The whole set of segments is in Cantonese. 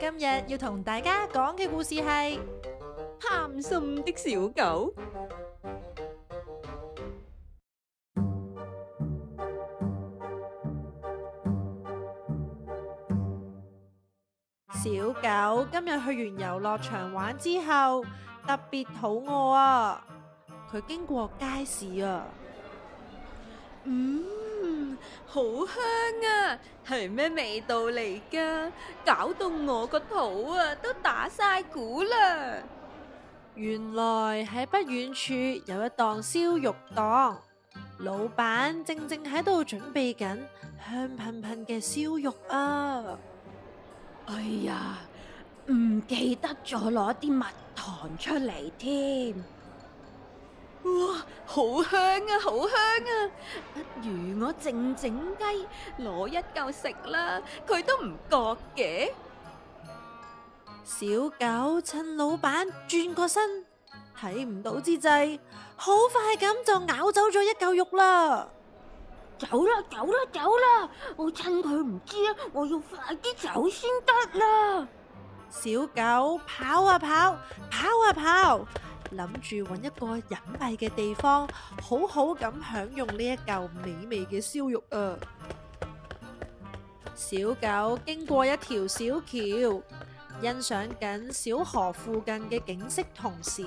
今日要同大家講嘅故事係貪心的小狗。小狗今日去完遊樂場玩之後，特別肚餓啊！佢經過街市啊，嗯。好香啊！係咩味道嚟噶？搞到我個肚啊都打晒鼓啦！原來喺不遠處有一檔燒肉檔，老闆正正喺度準備緊香噴噴嘅燒肉啊！哎呀，唔記得咗攞啲蜜糖出嚟添。哇，好香啊，好香啊！不如我靜靜雞攞一嚿食啦，佢都唔覺嘅。小狗趁老闆轉個身睇唔到之際，好快咁就咬走咗一嚿肉啦！走啦，走啦，走啦！我趁佢唔知啊，我要快啲走先得啦！小狗跑啊跑，跑啊跑！諗住搵一個隱秘嘅地方，好好咁享用呢一嚿美味嘅燒肉啊！小狗經過一條小橋，欣賞緊小河附近嘅景色，同時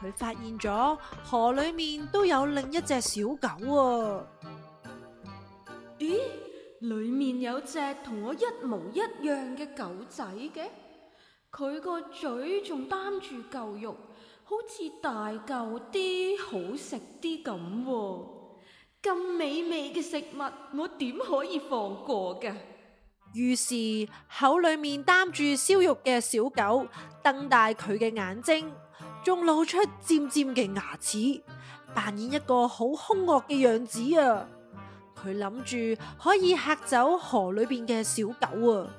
佢發現咗河裏面都有另一隻小狗啊！咦，裏面有隻同我一模一樣嘅狗仔嘅，佢個嘴仲擔住嚿肉。好似大舊啲、好食啲咁喎，咁美味嘅食物我點可以放過㗎？於是口裏面擔住燒肉嘅小狗瞪大佢嘅眼睛，仲露出尖尖嘅牙齒，扮演一個好凶惡嘅樣子啊！佢諗住可以嚇走河裏邊嘅小狗啊！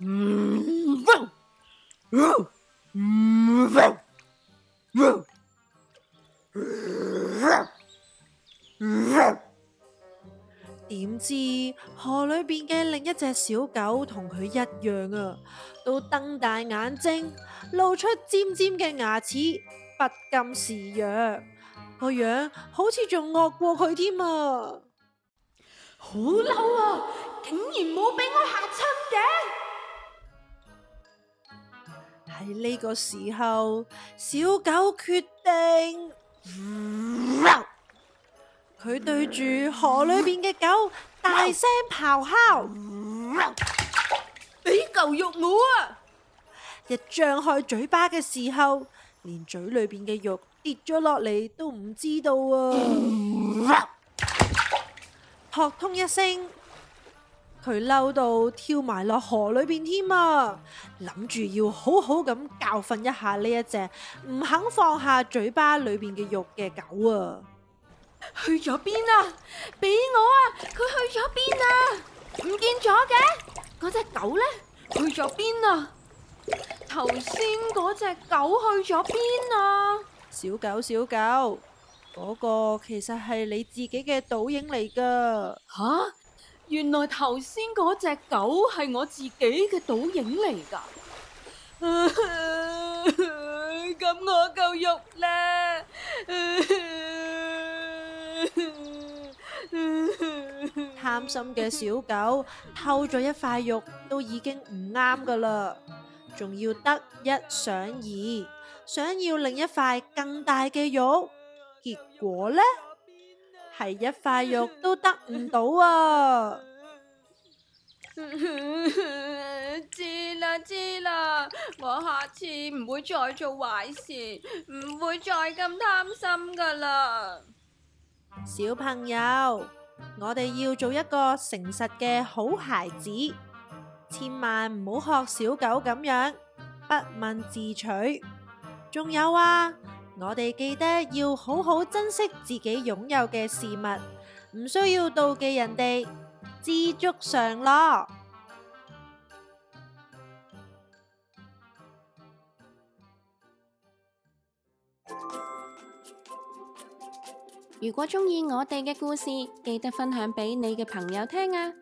嗯呃呃點知河裏邊嘅另一隻小狗同佢一樣啊，都瞪大眼睛，露出尖尖嘅牙齒，不甘示弱，個樣好似仲惡過佢添啊！好嬲啊！竟然冇俾我吓親嘅。喺呢個時候，小狗決定，佢、嗯呃、對住河裏邊嘅狗大聲咆哮，俾嚿、嗯呃、肉我啊！一張開嘴巴嘅時候，連嘴裏邊嘅肉跌咗落嚟都唔知道啊！撲、嗯呃、通一聲。佢嬲到跳埋落河裏邊添啊！諗住要好好咁教訓一下呢一隻唔肯放下嘴巴裏邊嘅肉嘅狗啊！去咗邊啊！俾我啊！佢去咗邊啊！唔見咗嘅嗰隻狗呢，去咗邊啊！頭先嗰隻狗去咗邊啊！小狗小狗，嗰個其實係你自己嘅倒影嚟噶吓。原來頭先嗰隻狗係我自己嘅倒影嚟噶，咁 我夠肉呢？貪 心嘅小狗偷咗一塊肉都已經唔啱噶啦，仲要得一想二，想要另一塊更大嘅肉，結果呢？係一塊肉都得唔到啊！知啦知啦，我下次唔會再做壞事，唔會再咁貪心㗎喇。小朋友，我哋要做一個誠實嘅好孩子，千萬唔好學小狗咁樣不問自取。仲有啊！我哋記得要好好珍惜自己擁有嘅事物，唔需要妒忌人哋，知足常樂。如果中意我哋嘅故事，記得分享俾你嘅朋友聽啊！